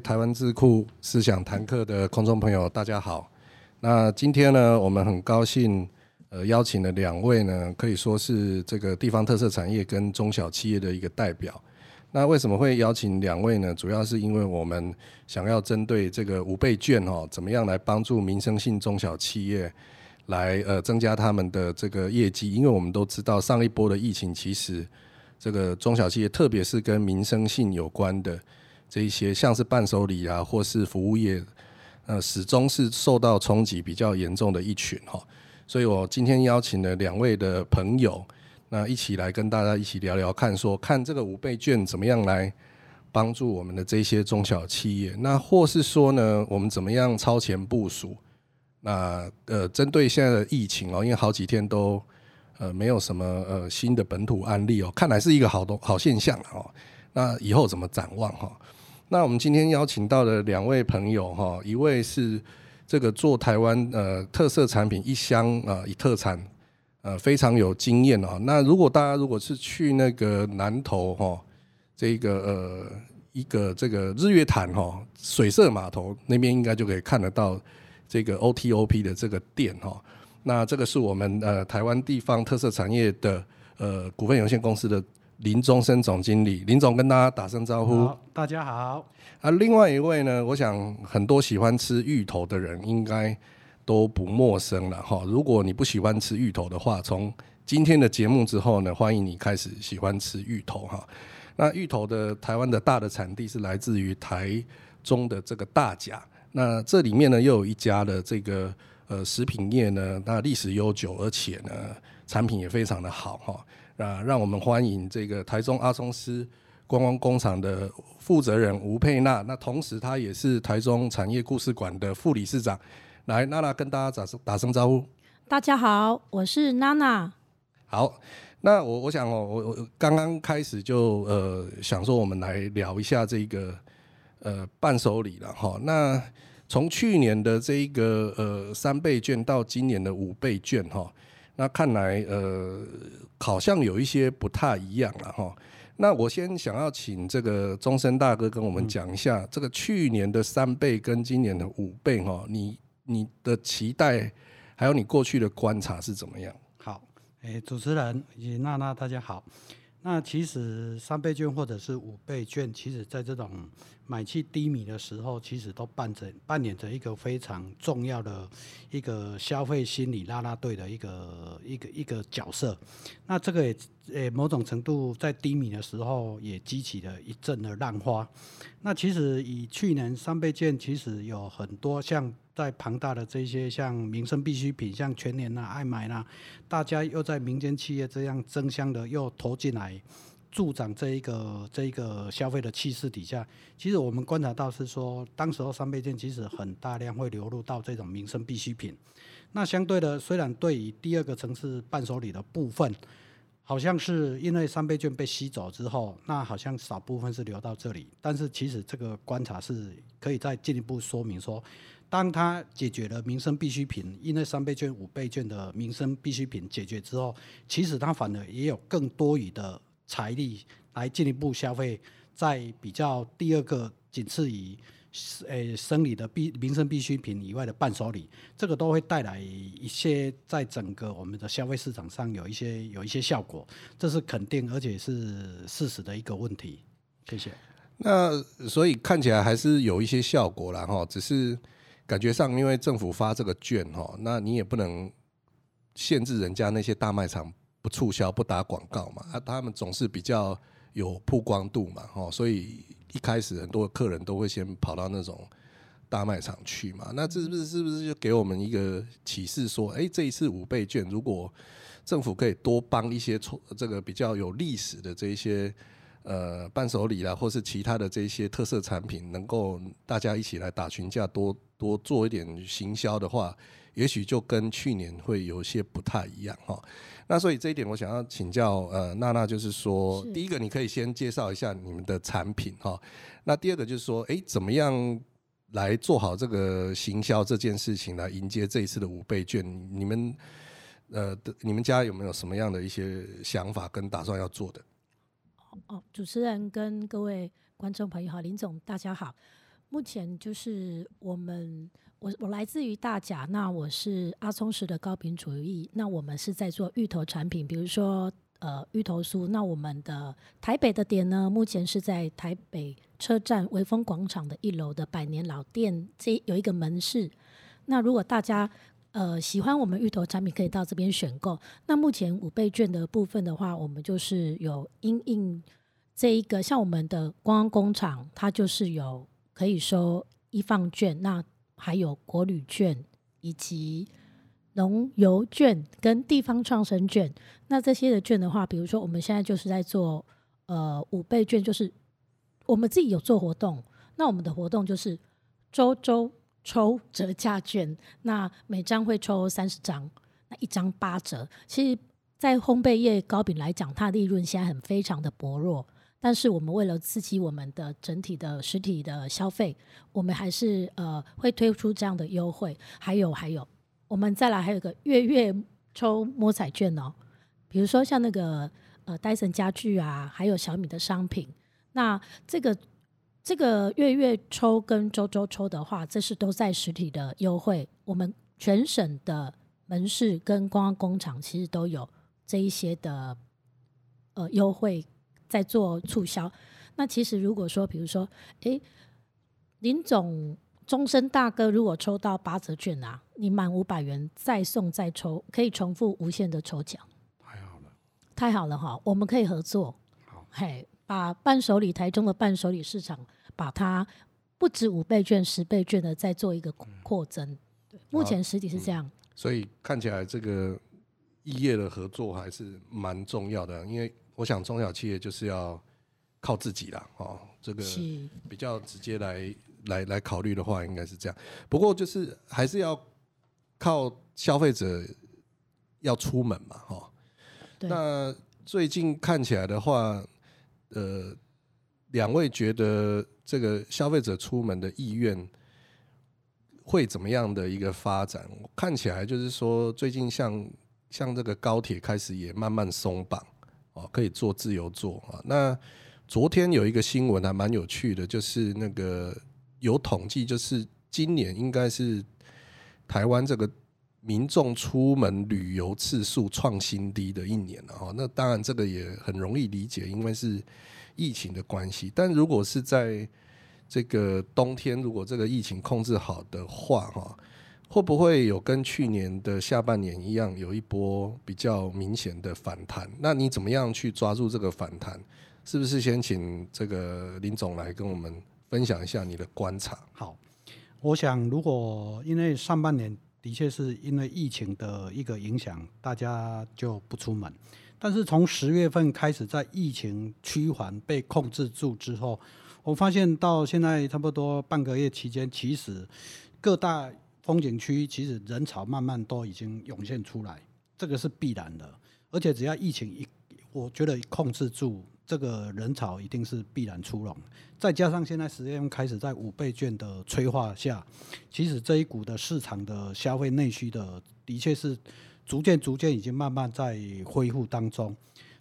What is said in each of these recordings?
台灣智庫思想坦克的空中朋友，大家好。那今天呢，我們很高興呃邀請了兩位呢，可以說是這個地方特色產業跟中小企業的一個代表。那為什麼會邀請兩位呢？主要是因為我們想要針對這個五倍券哦、喔，怎麼樣來幫助民生性中小企業來呃增加他們的這個業績？因為我們都知道上一波的疫情，其實這個中小企業，特別是跟民生性有關的。這一些像是伴手禮啊，或是服務業，呃，始終是受到衝擊比較嚴重的一群哈、哦。所以我今天邀請了兩位的朋友，那一起來跟大家一起聊聊看說，說看這個五倍券怎麼樣來幫助我們的這些中小企業，那或是說呢，我們怎麼樣超前部署？那呃，針對現在的疫情哦，因為好幾天都呃沒有什麼呃新的本土案例哦，看來是一個好東好現象哦。那以後怎麼展望哈、哦？那我們今天邀請到的兩位朋友哈、哦，一位是這個做台灣呃特色產品一鄉啊、呃、一特產呃非常有經驗哦。那如果大家如果是去那個南投哈、哦，這個呃一個這個日月潭哈、哦、水色碼頭那邊應該就可以看得到這個 OTOP 的這個店哈、哦。那這個是我們呃台灣地方特色產業的呃股份有限公司的。林忠伸總經理，林總跟大家打聲招呼。好，大家好。啊，另外一位呢，我想很多喜歡吃芋頭的人應該都不陌生了哈。如果你不喜歡吃芋頭的話，從今天的節目之後呢，歡迎你開始喜歡吃芋頭哈。那芋頭的台灣的大的產地是來自於台中的這個大甲。那這裡面呢，又有一家的這個呃食品業呢，那歷史悠久，而且呢產品也非常的好哈。那、啊、讓我們歡迎這個台中阿聰師觀光工廠的負責人吳佩娜，那同時她也是台中產業故事館的副理事長，來娜娜跟大家打聲打聲招呼。大家好，我是娜娜。好，那我我想我、哦、我剛剛開始就呃想說我們來聊一下這個呃伴手禮了哈、哦，那從去年的這一個呃三倍券到今年的五倍券哈、哦。那看來，呃，好像有一些不太一樣了哈。那我先想要請這個忠伸大哥跟我們講一下，嗯、這個去年的三倍跟今年的五倍哈，你你的期待還有你過去的觀察是怎麼樣？好，哎、欸，主持人以及娜娜，大家好。那其實三倍券或者是五倍券，其實，在這種買氣低迷的時候，其實都扮演扮演着一個非常重要的一個消費心理拉拉隊的一個一個一個角色。那這個也。誒、欸，某種程度在低迷的時候也激起了一陣的浪花。那其實以去年三倍券，其實有很多像在龐大的這些像民生必需品，像全聯吶、啊、愛買啦、啊、大家又在民間企業這樣爭相的又投進來，助長這一個這一個消費的氣勢底下，其實我們觀察到是說，當時候三倍券其實很大量會流入到這種民生必需品。那相對的，雖然對於第二個城市伴手禮的部分，好像是因為三倍券被吸走之後，那好像少部分是留到這裡，但是其實這個觀察是可以再進一步說明說，當他解決了民生必需品，因為三倍券、五倍券的民生必需品解決之後，其實他反而也有更多餘的財力來進一步消費，在比較第二個僅次於。誒、欸，生理的必民生必需品以外的伴手禮，這個都會帶來一些在整個我們的消費市場上有一些有一些效果，這是肯定而且是事實的一個問題。謝謝。那所以看起來還是有一些效果啦哈，只是感覺上因為政府發這個券哈，那你也不能限制人家那些大賣場不促銷不打廣告嘛，啊，他們總是比較有曝光度嘛，所以。一開始很多客人都會先跑到那種大賣場去嘛，那這是不是是不是就給我們一個啟示說，哎、欸，這一次五倍券如果政府可以多幫一些錯這個比較有歷史的這一些呃伴手禮啦，或是其他的這些特色產品，能夠大家一起來打群架多，多多做一點行銷的話。也許就跟去年會有些不太一樣哈，那所以這一點我想要請教呃娜娜，就是說第一個你可以先介紹一下你們的產品哈，那第二個就是說哎、欸、怎麼樣來做好這個行銷這件事情來迎接這一次的五倍券，你們呃你們家有沒有什麼樣的一些想法跟打算要做的？哦，主持人跟各位觀眾朋友好，林總大家好，目前就是我們。我我來自於大甲，那我是阿聰師的高頻主義，那我們是在做芋頭產品，比如說呃芋頭酥，那我們的台北的點呢，目前是在台北車站微風廣場的一樓的百年老店這有一個門市，那如果大家呃喜歡我們芋頭產品，可以到這邊選購。那目前五倍券的部分的話，我們就是有因應這一個，像我們的觀光工廠，它就是有可以說一放券那。還有國旅券，以及農遊券跟地方創生券。那這些的券的話，比如說我們現在就是在做呃五倍券，就是我們自己有做活動。那我們的活動就是周周抽折價券，那每張會抽三十張，那一張八折。其實在烘焙業、糕餅來講，它的利潤現在很非常的薄弱。但是我們為了刺激我們的整體的實體的消費，我們還是呃會推出這樣的優惠。還有還有，我們再來還有一個月月抽摸彩券哦。比如說像那個呃戴森家具啊，還有小米的商品。那這個這個月月抽跟周周抽的話，這是都在實體的優惠。我們全省的門市跟觀光工廠其實都有這一些的呃優惠。在做促銷，那其實如果說，比如說，哎，林總，忠伸大哥，如果抽到八折券啊，你滿五百元再送再抽，可以重複無限的抽獎，太好了，太好了哈，我們可以合作，好，嘿，把伴手禮台中的伴手禮市場，把它不止五倍券、十倍券的再做一個擴增，嗯、對，目前實體是這樣，嗯、所以看起來這個異業的合作還是蠻重要的，因為。我想中小企業就是要靠自己了哦，這個比較直接來來來考慮的話，應該是這樣。不過就是還是要靠消費者要出門嘛，哈。那最近看起來的話，呃，兩位覺得這個消費者出門的意願會怎麼樣的一個發展？我看起來就是說，最近像像這個高鐵開始也慢慢鬆綁。可以做自由做啊。那昨天有一個新聞還蠻有趣的，就是那個有統計，就是今年應該是台灣這個民眾出門旅遊次數創新低的一年了哈。那當然這個也很容易理解，因為是疫情的關係。但如果是在這個冬天，如果這個疫情控制好的話，哈。會不會有跟去年的下半年一樣有一波比較明顯的反彈？那你怎麼樣去抓住這個反彈？是不是先請這個林總來跟我們分享一下你的觀察？好，我想如果，因為上半年的確是因為疫情的一個影響，大家就不出門。但是從十月份開始，在疫情趨緩被控制住之後，我發現到現在差不多半個月期間，其實各大風景區其實人潮慢慢都已經湧現出來，這個是必然的。而且只要疫情一，我覺得控制住這個人潮一定是必然出籠。再加上現在十月份開始在五倍券的催化下，其實這一股的市場的消費內需的，的確是逐漸逐漸已經慢慢在恢復當中。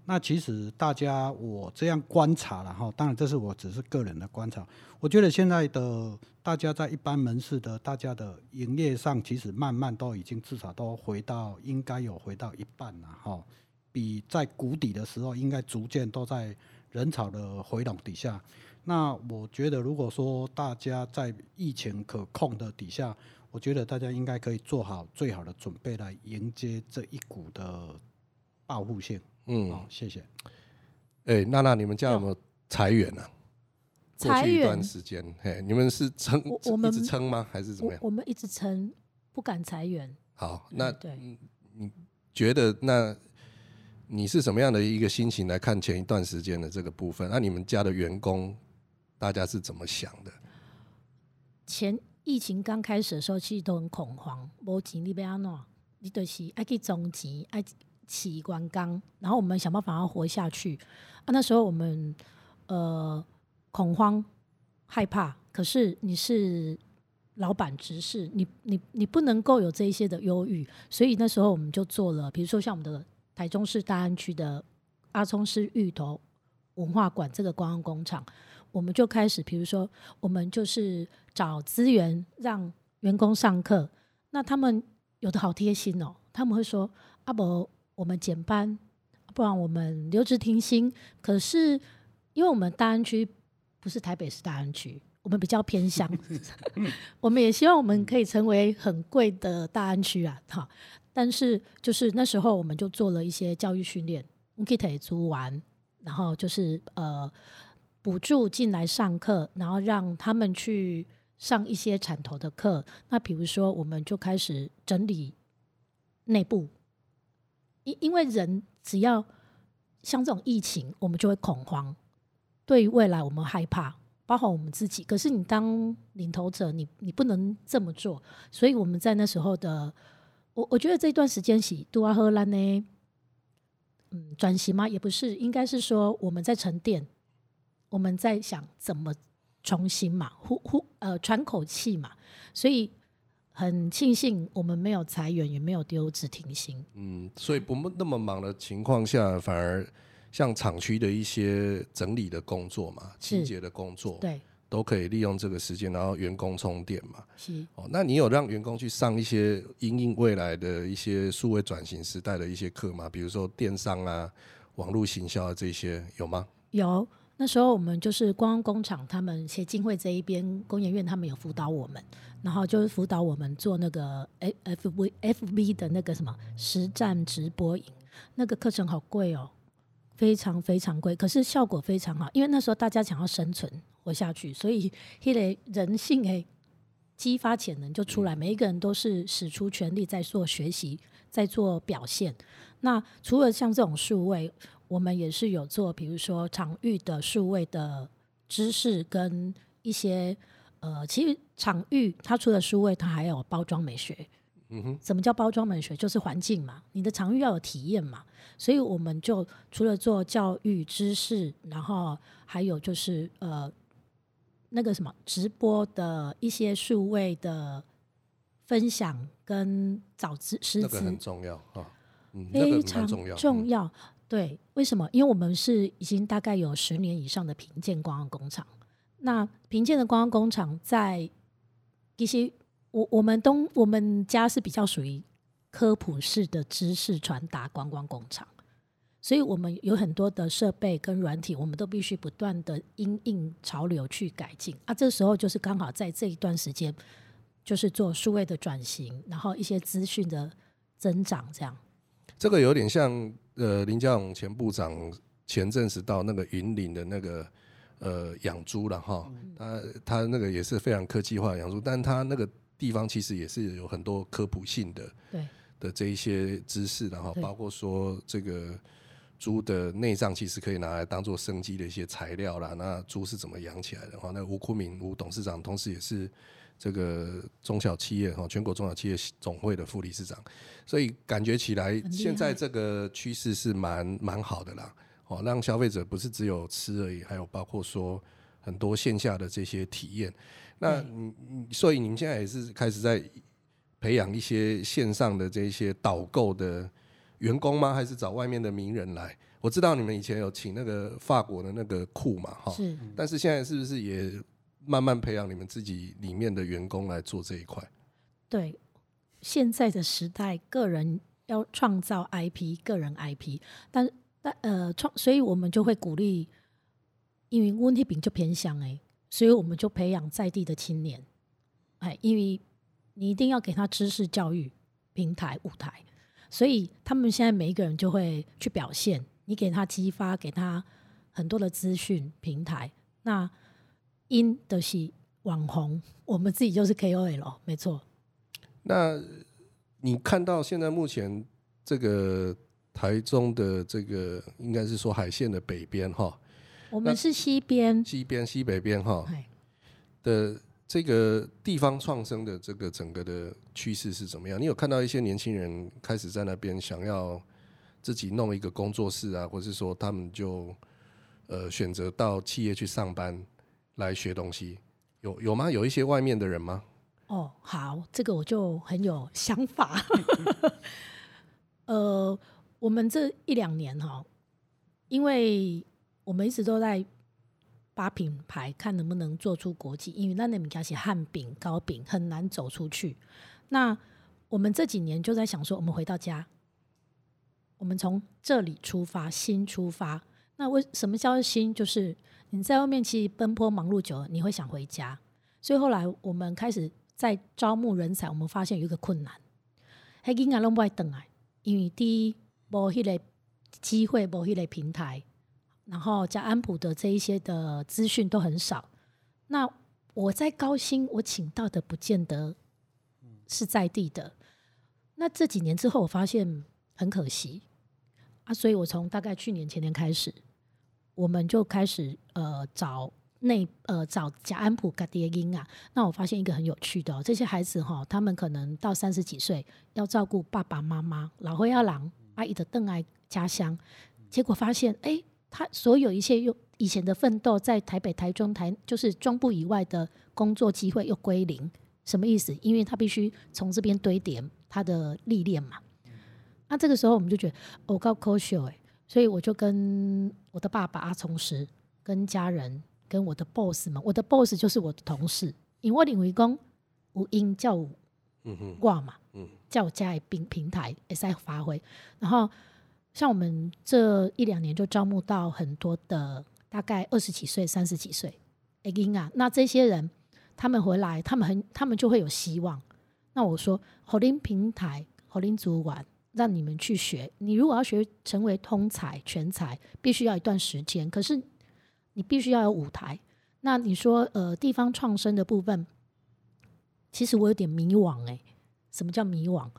那其實大家我這樣觀察了哈，當然這是我只是個人的觀察。我覺得現在的大家在一般門市的大家的營業上，其實慢慢都已經至少都回到應該有回到一半了哈，比在谷底的時候應該逐漸都在人潮的回籠底下。那我覺得如果說大家在疫情可控的底下，我覺得大家應該可以做好最好的準備來迎接這一股的報復性。嗯，好、哦，謝謝。哎、欸，娜娜，你們家有沒有裁員呢、啊？裁員一段時間，嘿，你們是撐一直撐嗎？還是怎麼樣？我，我，我們一直撐，不敢裁員。好，那、嗯、對，你覺得那，你是什麼樣的一個心情來看前一段時間的這個部分？那你們家的員工大家是怎麼想的？前疫情剛開始的時候，其實都很恐慌，無錢你要安怎？你就是愛去存錢，愛。器官剛，然後我們想辦法要活下去、啊、那時候我們呃恐慌害怕，可是你是老闆直事，你你你不能夠有這一些的憂鬱，所以那時候我們就做了，比如說像我們的台中市大安區的阿聰師芋頭文化館這個觀光工廠，我們就開始，比如說我們就是找資源讓員工上課，那他們有的好貼心哦，他們會說阿伯。啊我們減班，不然我們留職停薪。可是，因為我們大安區不是台北市大安區，我們比較偏鄉， 我們也希望我們可以成為很貴的大安區啊！哈，但是就是那時候我們就做了一些教育訓練，我給他也租完，然後就是呃補助進來上課，然後讓他們去上一些產投的課。那比如說，我們就開始整理內部。因為人只要像這種疫情，我們就會恐慌，對於未來我們害怕，包括我們自己。可是你當領頭者，你你不能這麼做。所以我們在那時候的，我我覺得這段時間是杜阿赫蘭呢，嗯，轉型嗎？也不是，應該是說我們在沉澱，我們在想怎麼重新嘛，呼呼呃喘口氣嘛，所以。很慶幸我們沒有裁員，也沒有丟職停薪。嗯，所以不那麼忙的情況下，反而像廠區的一些整理的工作嘛，是清潔的工作，對，都可以利用這個時間，然後員工充電嘛。是哦，那你有讓員工去上一些因應未來的一些數位轉型時代的一些課嗎？比如說電商啊、網絡行銷啊這些，有嗎？有。那時候我們就是觀光工廠，他們協進會這一邊，工研院他們有輔導我們，然後就是輔導我們做那個 F V F B 的那個什麼實戰直播營，那個課程好貴哦，非常非常貴，可是效果非常好，因為那時候大家想要生存活下去，所以人類人性誒激發潛能就出來，每一個人都是使出全力在做學習，在做表現。那除了像這種數位。我們也是有做，比如說場域的數位的知識跟一些呃，其實場域它除了數位，它還有包裝美學。嗯哼，什麼叫包裝美學？就是環境嘛，你的場域要有體驗嘛，所以我們就除了做教育知識，然後還有就是呃，那個什麼直播的一些數位的分享跟早知識，那很重要啊，非常重要。對，為什麼？因為我們是已經大概有十年以上的評鑑觀光工廠，那評鑑的觀光工廠在一些我我們東我們家是比較屬於科普式的知識傳達觀光工廠，所以我們有很多的設備跟軟體，我們都必須不斷的因應潮流去改進。啊，這時候就是剛好在這一段時間，就是做數位的轉型，然後一些資訊的增長，這樣。這個有點像。呃，林佳龍前部長前陣子到那個雲林的那個呃養豬了哈，他他那個也是非常科技化養豬，但他那個地方其實也是有很多科普性的，對,對的這一些知識然後包括說這個豬的內臟其實可以拿來當做生技的一些材料啦，那豬是怎麼養起來的哈？那吳昆明吳董事長同時也是。這個中小企業哈，全國中小企業總會的副理事長，所以感覺起來現在這個趨勢是蠻蠻好的啦。哦，讓消費者不是只有吃而已，還有包括說很多線下的這些體驗。那你你，所以你們現在也是開始在培養一些線上的這些導購的員工嗎？還是找外面的名人來？我知道你們以前有請那個法國的那個庫嘛哈，但是現在是不是也？慢慢培養你們自己裡面的員工來做這一塊。對，現在的時代，個人要創造 IP，個人 IP，但但呃創，所以我們就會鼓勵，因為問題餅就偏向誒，所以我們就培養在地的青年，哎，因為你一定要給他知識教育平台舞台，所以他們現在每一個人就會去表現，你給他激發，給他很多的資訊平台，那。因都是網紅，我們自己就是 KOL，沒錯。那你看到現在目前這個台中的這個，應該是說海線的北邊哈，我們是西邊，西邊西北邊哈。對，的這個地方創生的這個整個的趨勢是怎麼樣？你有看到一些年輕人開始在那邊想要自己弄一個工作室啊，或者是說他們就呃選擇到企業去上班？來學東西，有有嗎？有一些外面的人嗎？哦，oh, 好，這個我就很有想法。 呃，我們這一兩年哈、喔，因為我們一直都在把品牌看能不能做出國際因為，那你們家是漢餅、糕餅很難走出去。那我們這幾年就在想說，我們回到家，我們從這裡出發，新出發。那為什麼叫新？就是。你在外面其實奔波忙碌久了，你會想回家。所以後來我們開始在招募人才，我們發現有一個困難，還應該攏不愛等哎，因為第一無迄類機會，無迄類平台，然後加安普的這一些的資訊都很少。那我在高薪，我請到的不見得是在地的。那這幾年之後，我發現很可惜啊，所以我從大概去年前年開始。我們就開始呃找那呃找賈安普格迭因啊，那我發現一個很有趣的，哦，這些孩子，哦、他們可能到三十幾歲要照顧爸爸媽媽，老會要讓阿姨的鄧愛家鄉，結果發現哎，他所有一切用以前的奮鬥，在台北、台中、台就是中部以外的工作機會又歸零，什麼意思？因為他必須從這邊堆疊他的歷練嘛。那這個時候我們就覺得，我告 co 羞哎，所以我就跟。我的爸爸阿聰師，跟家人，跟我的 boss 們，我的 boss 就是我的同事，因為我領員工吳英叫我，嗯哼掛嘛，叫我加入平平臺，在發揮。然後像我們這一兩年就招募到很多的，大概二十幾歲、三十幾歲，哎英啊，那這些人他們回來，他們很，他們就會有希望。那我說，Holding 平台，Holding 主管。讓你們去學。你如果要學成為通才、全才，必須要一段時間。可是你必須要有舞台。那你說，呃，地方創生的部分，其實我有點迷惘、欸。哎，什麼叫迷惘？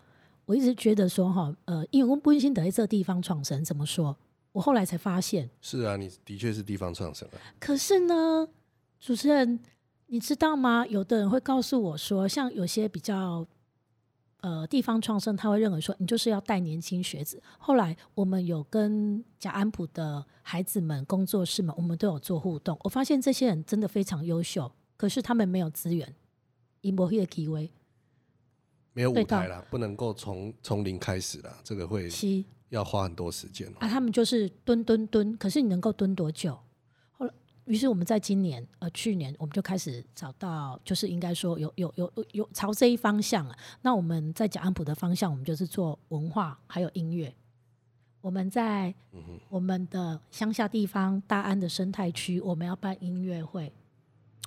我一直覺得說，哈，呃，因為我不一定得在這地方創生。怎麼說？我後來才發現，是啊，你的確是地方創生啊。可是呢，主持人，你知道嗎？有的人會告訴我說，像有些比較。呃，地方創生他會認為說，你就是要帶年輕學子。後來我們有跟賈安普的孩子們、工作室們，我們都有做互動。我發現這些人真的非常優秀，可是他們沒有資源，他沒那個機會，沒有舞台了，吧不能夠從從零開始了，這個會七要花很多時間，喔。啊，他們就是蹲蹲蹲，可是你能夠蹲多久？於是我們在今年，呃，去年我們就開始找到，就是應該說有有有有朝這一方向啊，那我們在甲安埔的方向，我們就是做文化還有音樂。我們在我們的鄉下地方大安的生態區，我們要辦音樂會。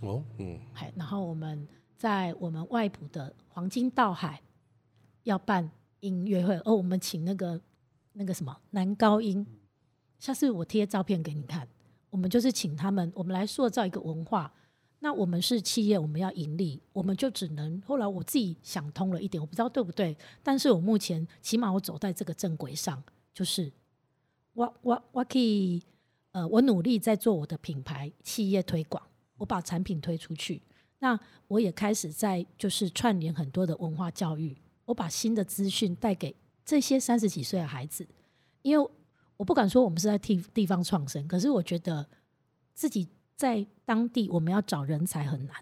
哦、嗯哼，嗯，然後我們在我們外埔的黃金稻海要辦音樂會，哦，我們請那個那個什麼男高音，下次我貼照片給你看。我們就是請他們，我們來塑造一個文化。那我們是企業，我們要盈利，我們就只能。後來我自己想通了一點，我不知道對不對，但是我目前起碼我走在這個正軌上，就是我我我可以呃，我努力在做我的品牌企業推廣，我把產品推出去。那我也開始在就是串聯很多的文化教育，我把新的資訊帶給這些三十幾歲的孩子，因為。我不敢說我們是在替地方創生，可是我覺得自己在當地我們要找人才很難，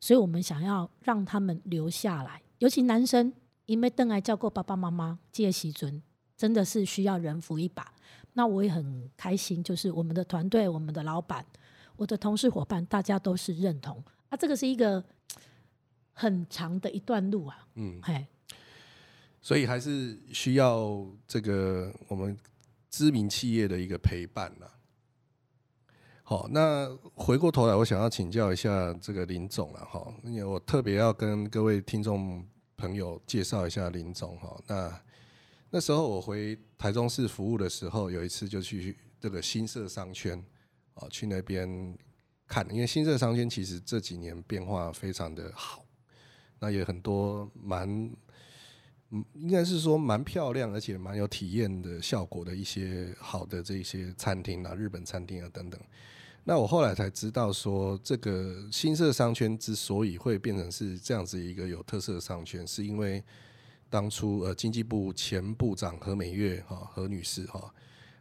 所以我們想要讓他們留下來，尤其男生，因為鄧艾叫過爸爸媽媽，借希尊真的是需要人扶一把，那我也很開心，就是我們的團隊、我們的老闆、我的同事夥伴，大家都是認同啊。這個是一個很長的一段路啊，嗯，哎、嘿，所以還是需要這個我們。知名企業的一個陪伴了。好，那回過頭來，我想要請教一下這個林總了哈，因為我特別要跟各位聽眾朋友介紹一下林總哈。那那時候我回台中市服務的時候，有一次就去這個新社商圈哦，去那邊看，因為新社商圈其實這幾年變化非常的好，那也很多蠻。嗯，應該是說蠻漂亮，而且蠻有體驗的效果的一些好的這些餐廳啊，日本餐廳啊等等。那我後來才知道說，這個新社商圈之所以會變成是這樣子一個有特色的商圈，是因為當初呃經濟部前部長何美玥哈、哦、何女士哈、哦，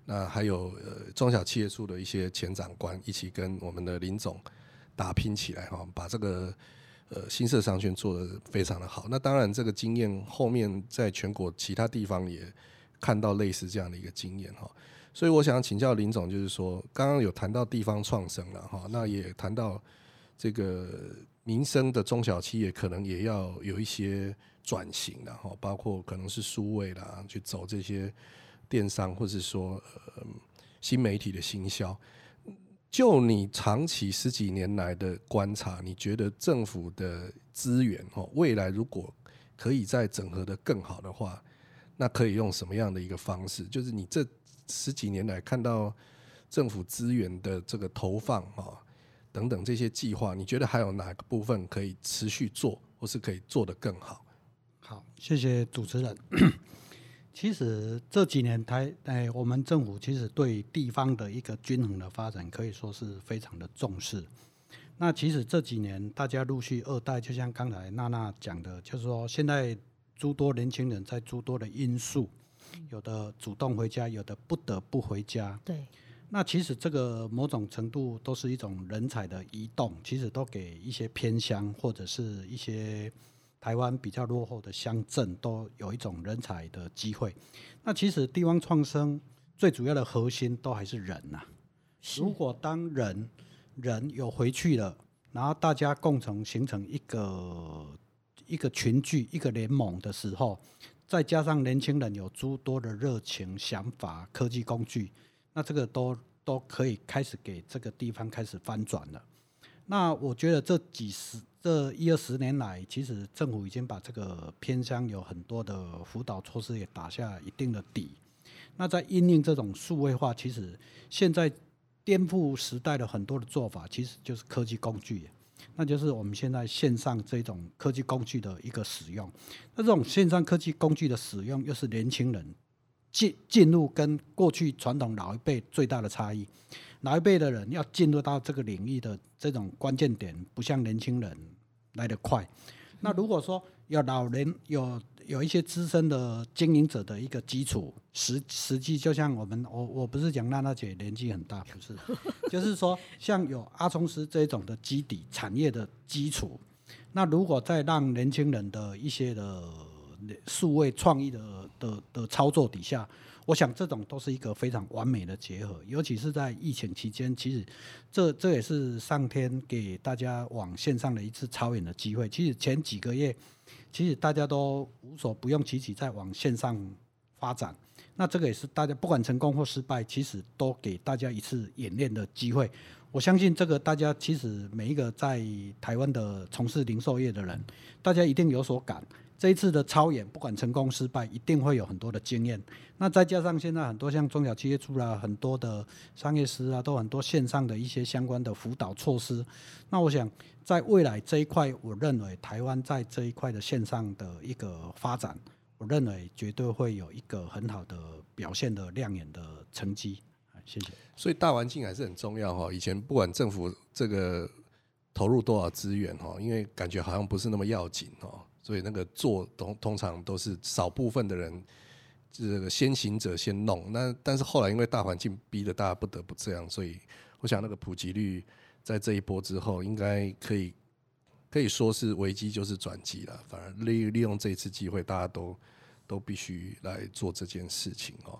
那還有呃中小企業處的一些前長官一起跟我們的林總打拼起來哈、哦，把這個。呃，新社商圈做得非常的好，那當然這個經驗後面在全國其他地方也看到類似這樣的一個經驗哈，所以我想請教林總，就是說剛剛有談到地方創生了哈，那也談到這個民生的中小企業，可能也要有一些轉型然後，包括可能是數位啦，去走這些電商或者是說呃新媒體的行銷。就你長期十幾年來的觀察，你覺得政府的資源哦，未來如果可以再整合得更好的話，那可以用什麼樣的一個方式？就是你這十幾年來看到政府資源的這個投放啊等等這些計劃，你覺得還有哪個部分可以持續做，或是可以做得更好？好，謝謝主持人。 其實這幾年台哎，我們政府其實對地方的一個均衡的發展，可以說是非常的重視。那其實這幾年大家陸續二代，就像剛才娜娜講的，就是說現在諸多年輕人在諸多的因素，有的主動回家，有的不得不回家。對。那其實這個某種程度都是一種人才的移動，其實都給一些偏鄉或者是一些。台灣比較落後的鄉鎮都有一種人才的機會。那其實地方創生最主要的核心都還是人吶、啊。是如果當人人有回去了，然後大家共同形成一個一個群聚，一個聯盟的時候，再加上年輕人有諸多的熱情、想法、科技工具，那這個都都可以開始給這個地方開始翻轉了。那我覺得這幾十。這一二十年來，其實政府已經把這個偏鄉有很多的輔導措施也打下一定的底。那在應用這種數位化，其實現在顛覆時代的很多的做法，其實就是科技工具，那就是我們現在線上這種科技工具的一個使用。那這種線上科技工具的使用，又是年輕人進進入跟過去傳統老一輩最大的差異。老一輩的人要進入到這個領域的這種關鍵點，不像年輕人來得快，那如果說有老人有有一些資深的經營者的一個基礎實實際，就像我們我我不是講娜娜姐年紀很大，不是， 就是說像有阿聰師這種的基底產業的基礎，那如果再讓年輕人的一些的數位創意的的的操作底下，我想這種都是一個非常完美的結合，尤其是在疫情期間，其實這這也是上天給大家往線上的一次操演的機會。其實前幾個月，其實大家都無所不用其極在往線上發展，那這個也是大家不管成功或失敗，其實都給大家一次演練的機會。我相信這個大家其實每一個在台灣的從事零售業的人，大家一定有所感。這一次的超演，不管成功失敗，一定會有很多的經驗。那再加上現在很多像中小企業出了很多的商業師啊，都很多線上的一些相關的輔導措施。那我想，在未來這一塊，我認為台灣在這一塊的線上的一個發展，我認為絕對會有一個很好的表現的亮眼的成績。謝謝。所以大環境還是很重要哈。以前不管政府這個投入多少資源哈，因為感覺好像不是那麼要緊哈。所以那個做通通常都是少部分的人，這個先行者先弄。那但是後來因為大環境逼得大家不得不這樣，所以我想那個普及率在這一波之後，應該可以可以說是危機就是轉機了。反而利利用這一次機會，大家都都必須來做這件事情哦。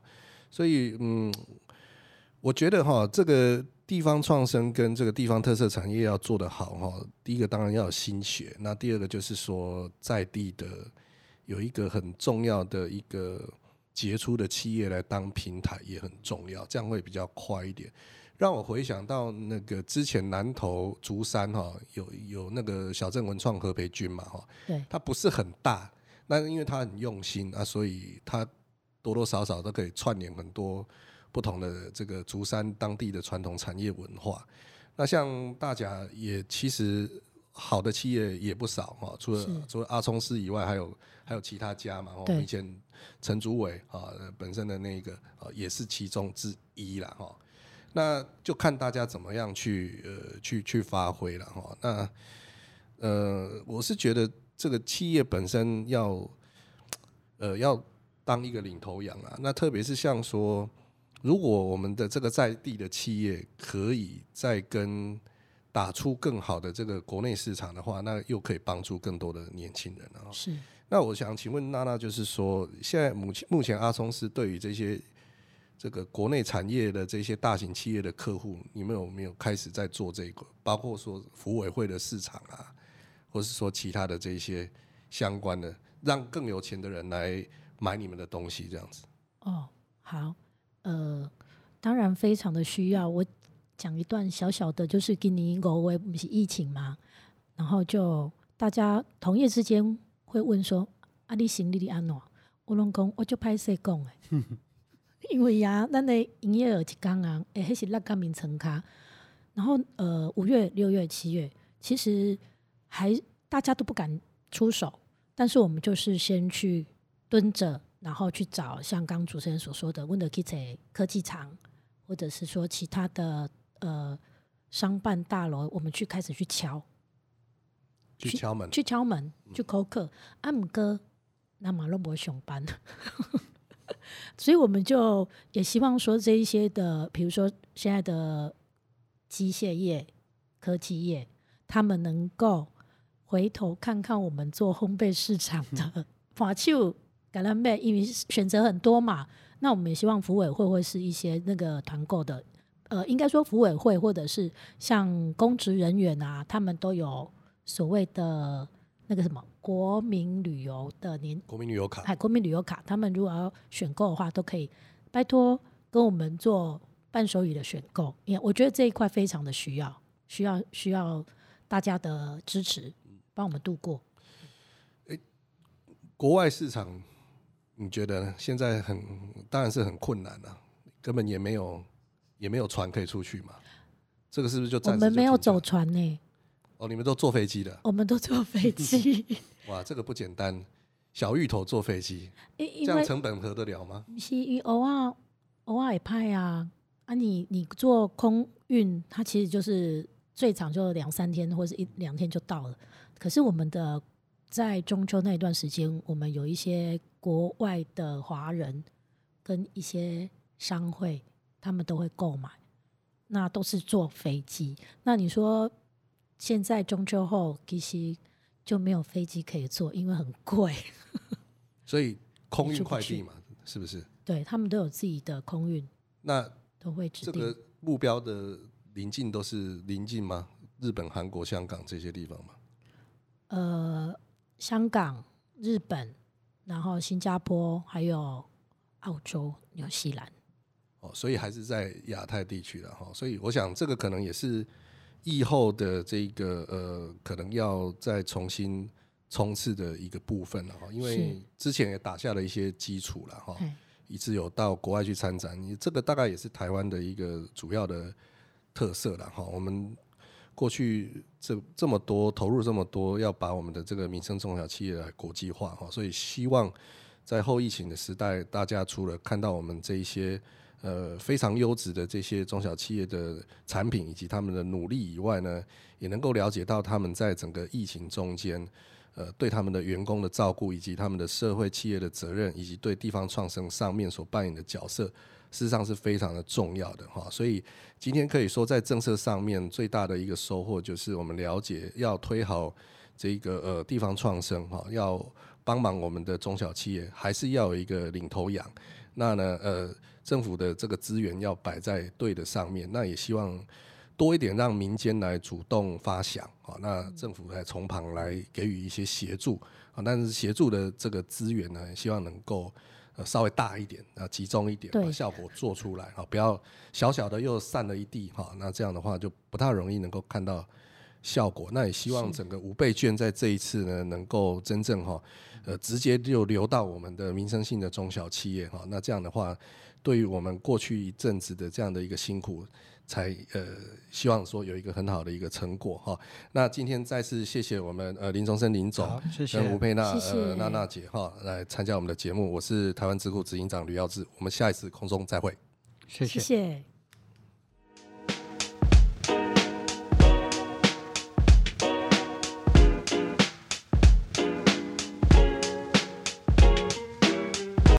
所以嗯。我覺得哈，這個地方創生跟這個地方特色產業要做得好哈，第一個當然要有心血，那第二個就是說在地的有一個很重要的一個傑出的企業來當平台也很重要，這樣會比較快一點。讓我回想到那個之前南投竹山哈，有有那個小鎮文創何培鈞嘛哈，對，它不是很大，但是因為它很用心啊，所以它多多少少都可以串聯很多。不同的這個竹山當地的傳統產業文化，那像大甲也其實好的企業也不少哈，除了是 除了阿聰師以外，還有還有其他家嘛，哦，以前陳主委啊本身的那個、呃、也是其中之一啦哈，那就看大家怎麼樣去呃去去發揮了哈，那呃我是覺得這個企業本身要呃要當一個領頭羊啊，那特別是像說。如果我們的這個在地的企業可以再跟打出更好的這個國內市場的話，那又可以幫助更多的年輕人了哦。是。那我想請問娜娜，就是說，現在目前目前阿聰師對於這些這個國內產業的這些大型企業的客戶，你們有沒有開始在做這個，包括說福委會的市場啊，或是說其他的這些相關的，讓更有錢的人來買你們的東西，這樣子。哦，oh, 好。呃，當然非常的需要。我講一段小小的，就是今年因為不是疫情嘛，然後就大家同業之間會問說：“啊，你生理，你按怎？”我攏講，我就拍社工誒， 因為呀、啊、咱的營業額一剛剛，誒迄是六甲名成卡。然後呃，五月、六月、七月，其實還大家都不敢出手，但是我們就是先去蹲着。然後去找像剛主持人所說的 w 德 n d k i t 科技廠，或者是說其他的呃商辦大樓，我們去開始去敲，去敲門，去敲門，去勾客。阿姆哥，那馬肉會熊班， 所以我們就也希望說這一些的，比如說現在的機械業、科技業，他們能夠回頭看看我們做烘焙市場的法 橄欖，因為選擇很多嘛，那我們也希望福委會會是一些那個團購的，呃，應該說福委會或者是像公職人員啊，他們都有所謂的那個什麼國民旅遊的年國民旅遊卡，哎，國民旅遊卡、卡，他們如果要選購的話，都可以拜托跟我們做伴手禮的選購，因為我覺得這一塊非常的需要，需要需要大家的支持，幫我們度過。誒、欸，國外市場。你覺得現在很當然是很困難了，啊，根本也沒有也沒有船可以出去嘛。這個是不是就暫時就？我們沒有走船呢，欸。哦，你們都坐飛機的。我們都坐飛機。 哇，這個不簡單，小芋頭坐飛機，欸，這樣成本合得了嗎？是，偶爾，偶爾派啊，啊你你坐空運，它其實就是最長就兩三天或者一兩天就到了。可是我們的在中秋那一段時間，我們有一些。國外的華人跟一些商會，他們都會購買，那都是坐飛機。那你說現在中秋後，其實就沒有飛機可以坐，因為很貴，所以空運快遞嘛，是不是？對，他們都有自己的空運，那都會指定這個目標的鄰近，都是鄰近嗎？日本、韓國、香港這些地方嗎？呃，香港、日本，然後新加坡還有澳洲、紐西蘭，哦，所以還是在亞太地區了哈。所以我想這個可能也是疫後的這個呃，可能要再重新衝刺的一個部分了哈。因為之前也打下了一些基礎了哈，是一直有到國外去參展，你嘿這個大概也是台灣的一個主要的特色了哈。我們。.過去這這麼多投入這麼多，要把我們的這個民生中小企業來國際化哈，所以希望在後疫情的時代，大家除了看到我們這一些呃非常優質的這些中小企業的產品以及他們的努力以外呢，也能夠了解到他們在整個疫情中間，呃對他們的員工的照顧，以及他們的社會企業的責任，以及對地方創生上面所扮演的角色。事實上是非常的重要的哈，所以今天可以說在政策上面最大的一個收穫就是我們了解要推好這個呃地方創生哈，要幫忙我們的中小企業，還是要有一個領頭羊。那呢呃政府的這個資源要擺在對的上面，那也希望多一點讓民間來主動發想啊，那政府來從旁來給予一些協助啊，但是協助的這個資源呢，希望能夠。呃，稍微大一點，啊，集中一點，把效果做出來哈對、哦，不要小小的又散了一地哈、哦，那這樣的話就不太容易能夠看到效果。那也希望整個五倍券在這一次呢，是能夠真正哈，呃，直接就流到我們的民生性的中小企業哈、哦，那這樣的話，對於我們過去一陣子的這樣的一個辛苦。才呃，希望說有一個很好的一個成果哈、哦。那今天再次謝謝我們呃林忠伸林總，謝謝吳、嗯、佩娜謝呃娜娜姐哈、哦，來參加我們的節目。我是台灣智庫執行長呂耀智，我們下一次空中再會，謝謝。謝謝